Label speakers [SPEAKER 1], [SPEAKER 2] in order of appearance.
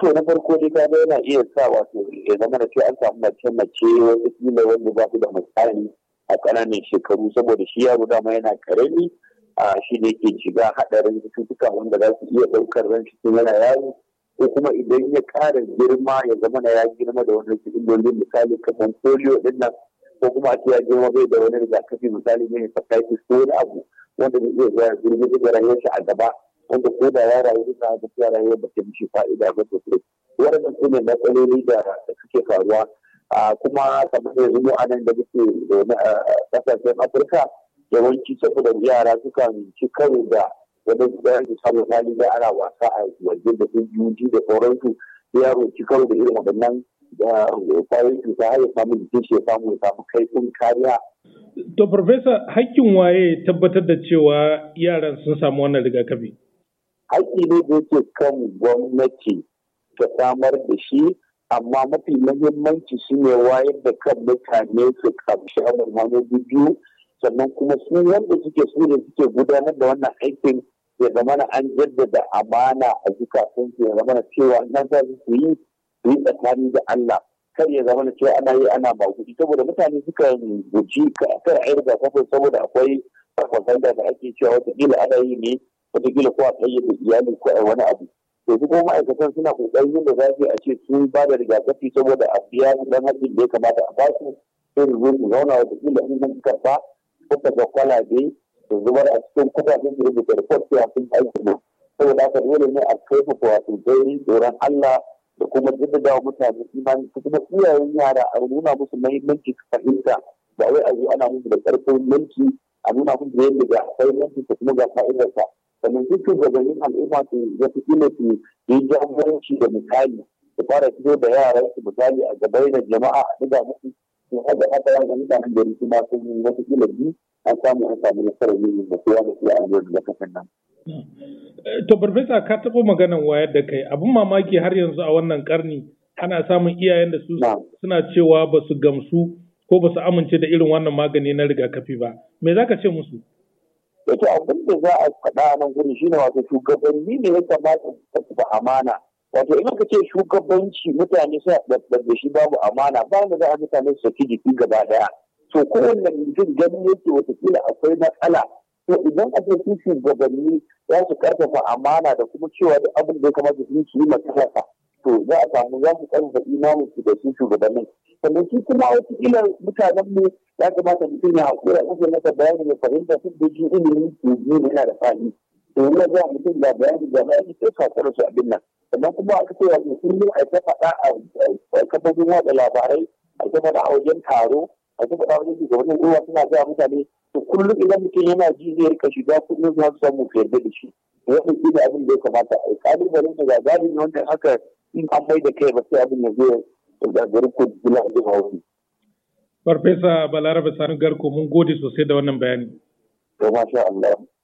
[SPEAKER 1] to na farko dai ka ga yana iya sa wato ya zama da an samu mace mace wata kila wanda ba su da misali a ƙananan shekaru saboda shi yaro dama yana karami a shi ne ke shiga haɗarin cututtuka wanda za su iya ɗaukar ran cikin yana yaro ko kuma idan ya ƙara girma ya zama na ya girma da wani dole misali kamar polio ɗin nan ko kuma a ya girma bai da wani rigakafi misali ne hepatitis ko wani abu wanda zai iya zuwa ya girma da rayuwar shi a gaba wanda ko da ya rayu duka haka ya rayu ba ta mishi fa'ida ba sosai wannan su ne matsaloli da suke faruwa kuma kamar yanzu a anan da muke kasashen afirka yawanci saboda yara suka ci karo da wani da su samu hali da ana wasa a waje da kungiyoyi da sauransu yaro ci karo da irin waɗannan da kwayoyin cuta har ya samu jikin shi ya samu ya samu kaifin kariya
[SPEAKER 2] To, Farfesa, hakkin waye tabbatar da cewa yaran sun samu wannan rigakafi?
[SPEAKER 1] haƙƙi ne da yake kan gwamnati ta samar da shi amma mafi muhimmanci shine wayar da kan mutane su kamshi wani biyu sannan kuma su wanda suke su suke gudanar da wannan aikin ya zama na an jaddada amana a zukatun su ya zama na cewa na za su yi su yi tsakani da Allah kar ya zama na cewa ana yi ana ba kuɗi saboda mutane suka guji kar a yi rigakafin saboda akwai farfasanda da ake cewa wata ana yi ne wataƙila ko a da iyali ko a wani abu yanzu kuma ma'aikatan suna kokarin yin da za su a ce sun ba da rigakafi saboda a biya su ɗan haƙƙin da ya kamata a basu sai su zo su zauna wataƙila in sun karɓa suka ga kwalabe su zubar a cikin kuɗaɗen su rubuta report ya sun aiki ne saboda haka dole ne a kai ku wato dai tsoron Allah da kuma jaddada wa mutane imani su kuma iyayen yara a nuna musu mahimmanci su fahimta ba wai a yi ana musu da ƙarfin mulki a nuna musu da yadda ga akwai mulki su kuma ga fa'idarsa sannan duk shugabannin al'umma su ya fi ina su yi jagoranci da misali su fara fito da yaran su misali a gabai da jama'a a ɗiga musu su haɗa haka yan mutanen gari su ma sun yi wata biyu an samu an samu nasarar yin da kowa da kowa yau da kafin nan.
[SPEAKER 2] To Farfesa ka taɓa maganan wayar da kai abin mamaki har yanzu a wannan karni ana samun iyayen da su suna cewa ba su gamsu ko ba su amince da irin wannan magani na rigakafi ba. Me za ka ce musu? yake
[SPEAKER 1] abin da za a faɗa nan shi ne wato shugabanni ne ya kamata su da amana wato in ka ce shugabanci mutane suna ɗabɗar da shi babu amana ba mu za a mutane su saki jiki gaba ɗaya to kowanne mutum gani yake watakila akwai matsala to idan a ce shugabanni za su karfafa amana da kuma cewa duk abin da ya kamata su yi ma yi to za a samu za su karfafa imanin su da su shugabannin sannan su kuma wasu kila mutanen mu ya kamata mutum ya haƙura kusa masa bayani ya fahimta sun da jin ilimi ko biyu yana da fani domin ya ga mutum da bayani da bayani sai kakura su abin nan sannan kuma aka ce wa kullum a ta faɗa a kafofin watsa labarai a ta faɗa a wajen taro a ta faɗa a wajen shugabannin ruwa suna zuwa mutane to kullum idan mutum yana ji zai rika shiga kullum za su samu ka yarda da shi wannan shi ne abin da ya kamata a yi ƙalubalen da ga gadi ne wanda aka in an mai da kai ba sai abin ya zai a
[SPEAKER 2] Farfesa Balarabe Sani Garko mun gode sosai da wannan bayani. To masha Allah.